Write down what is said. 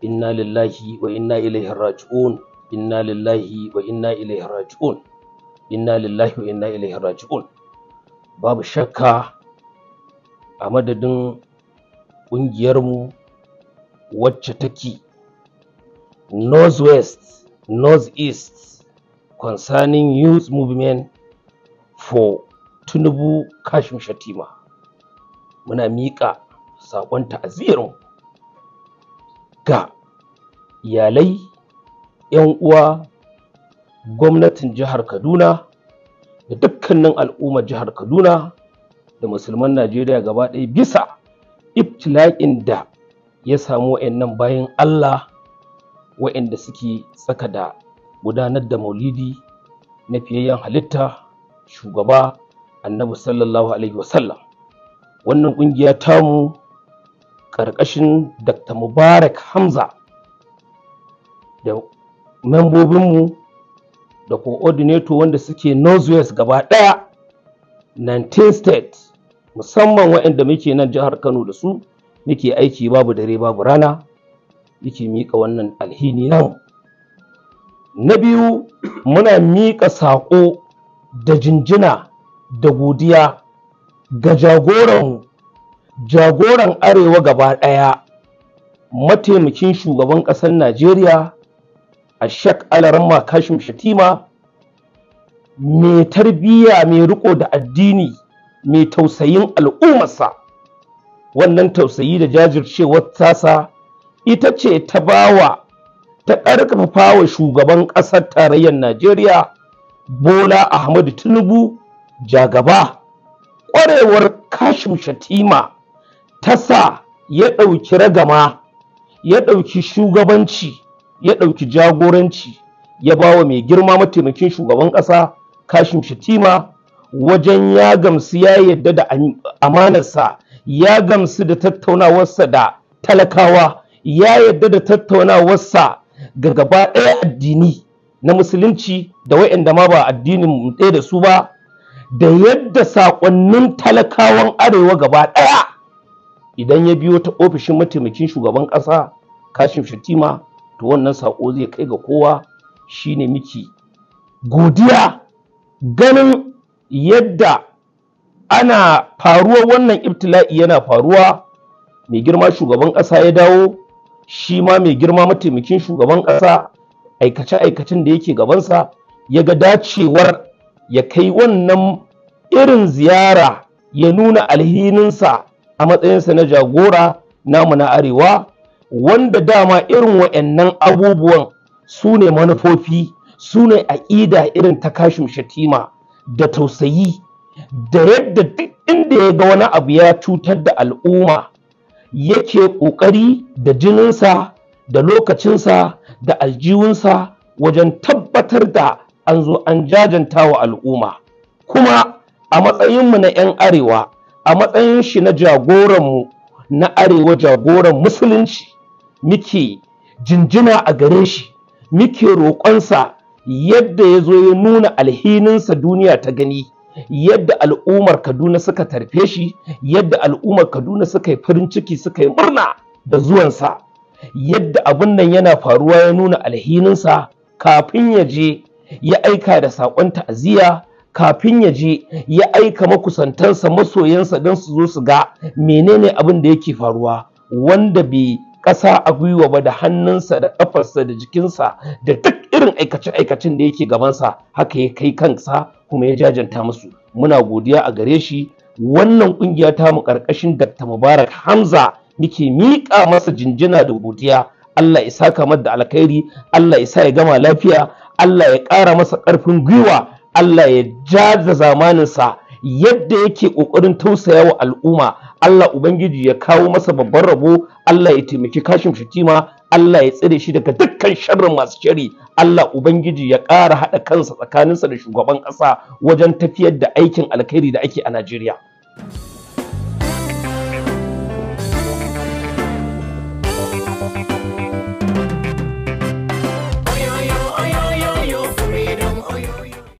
inna lillahi wa inna ilaihi raji'un inna lillahi wa inna ilaihi raji'un inna lillahi wa inna ilaihi raji'un babu shakka a madadin ƙungiyarmu wacce take northwest northeast concerning youth movement for tunubu kashim shatima muna miƙa saƙon ta'aziyarmu ga iyalai, 'yan uwa, gwamnatin jihar Kaduna da dukkanin al'ummar jihar Kaduna da musulman Najeriya gaba ɗaya bisa ibtila'in da ya samu wa'annan bayan Allah wa'anda suke tsaka da gudanar da maulidi na fiyayyen halitta shugaba annabi sallallahu alaihi wasallam wannan ƙungiya tamu ƙarƙashin dr mubarak hamza da membobinmu da coordinator wanda suke northwest gaba ɗaya 19 state musamman waɗanda muke nan jihar kano da su muke aiki babu dare babu rana yake miƙa wannan alhini nan na biyu muna miƙa saƙo da jinjina da godiya ga jagoran jagoran arewa gaba ɗaya mataimakin shugaban ƙasar najeriya a shek alarma kashim shatima mai tarbiyya mai riko da addini mai tausayin al'ummarsa wannan tausayi da jajircewar tasa ita ce ta bawa ta ƙarfafa wa shugaban ƙasar tarayyar najeriya bola ahmadu tinubu jagaba ƙwarewar kashim shatima ta sa ya ɗauki ragama ya ɗauki shugabanci ya ɗauki jagoranci ya ba wa mai girma mataimakin shugaban ƙasa kashin shatima wajen ya gamsu ya yadda da amanarsa ya gamsu da tattaunawarsa da talakawa ya yadda da tattaunawarsa ga gaba ɗaya addini na musulunci da waɗanda ma ba addinin ɗaya da su ba da yadda saƙonnin talakawan arewa gaba ɗaya idan ya biyo ta ofishin mataimakin shugaban ƙasa kashin shatima to wannan saƙo zai kai ga kowa shine miki godiya ganin yadda ana faruwa wannan ibtila'i yana faruwa mai girma shugaban ƙasa ya dawo shi ma mai girma mataimakin shugaban ƙasa aikace-aikacen da yake gabansa ya ga dacewar ya kai wannan irin ziyara ya nuna alhininsa a matsayinsa na jagora namu na arewa wanda dama irin wa'annan abubuwan su ne manufofi su ne aƙida irin ta kashim shatima da tausayi da yadda duk inda ya ga wani abu ya cutar da al'umma yake ƙoƙari da jininsa da lokacinsa da aljiwunsa wajen tabbatar da an zo an jajanta wa al'umma kuma a matsayinmu na 'yan arewa a matsayin shi na jagoran mu na arewa jagoran musulunci muke jinjina a gare shi muke roƙonsa yadda ya zo ya nuna alhininsa duniya ta gani yadda al'ummar kaduna suka tarfe shi yadda al'ummar kaduna suka yi farin ciki suka yi murna da zuwansa yadda abin nan yana faruwa ya nuna alhininsa kafin ya je ya aika da saƙon ta'aziyya kafin ya je ya aika makusantansa masoyansa don su zo su ga menene abin da yake faruwa wanda bai ƙasa a gwiwa ba da hannunsa da ƙafarsa da jikinsa da duk irin aikace-aikacen da yake gabansa haka ya kai kansa kuma ya jajanta musu muna godiya a gare shi wannan ƙungiya ta mu ƙarƙashin Dr. Mubarak Hamza muke miƙa masa jinjina da godiya Allah ya saka da alkhairi Allah ya sa ya gama lafiya Allah ya ƙara masa ƙarfin gwiwa Allah ya zamanin zamaninsa yadda yake ƙoƙarin tausaya wa al'umma Allah Ubangiji ya kawo masa babban rabo Allah ya taimaki kashin fitima Allah ya tsire shi daga dukkan sharrin masu shari Allah Ubangiji ya ƙara haɗa kansa tsakaninsa da shugaban ƙasa wajen tafiyar da aikin alkhairi da ake a Najeriya.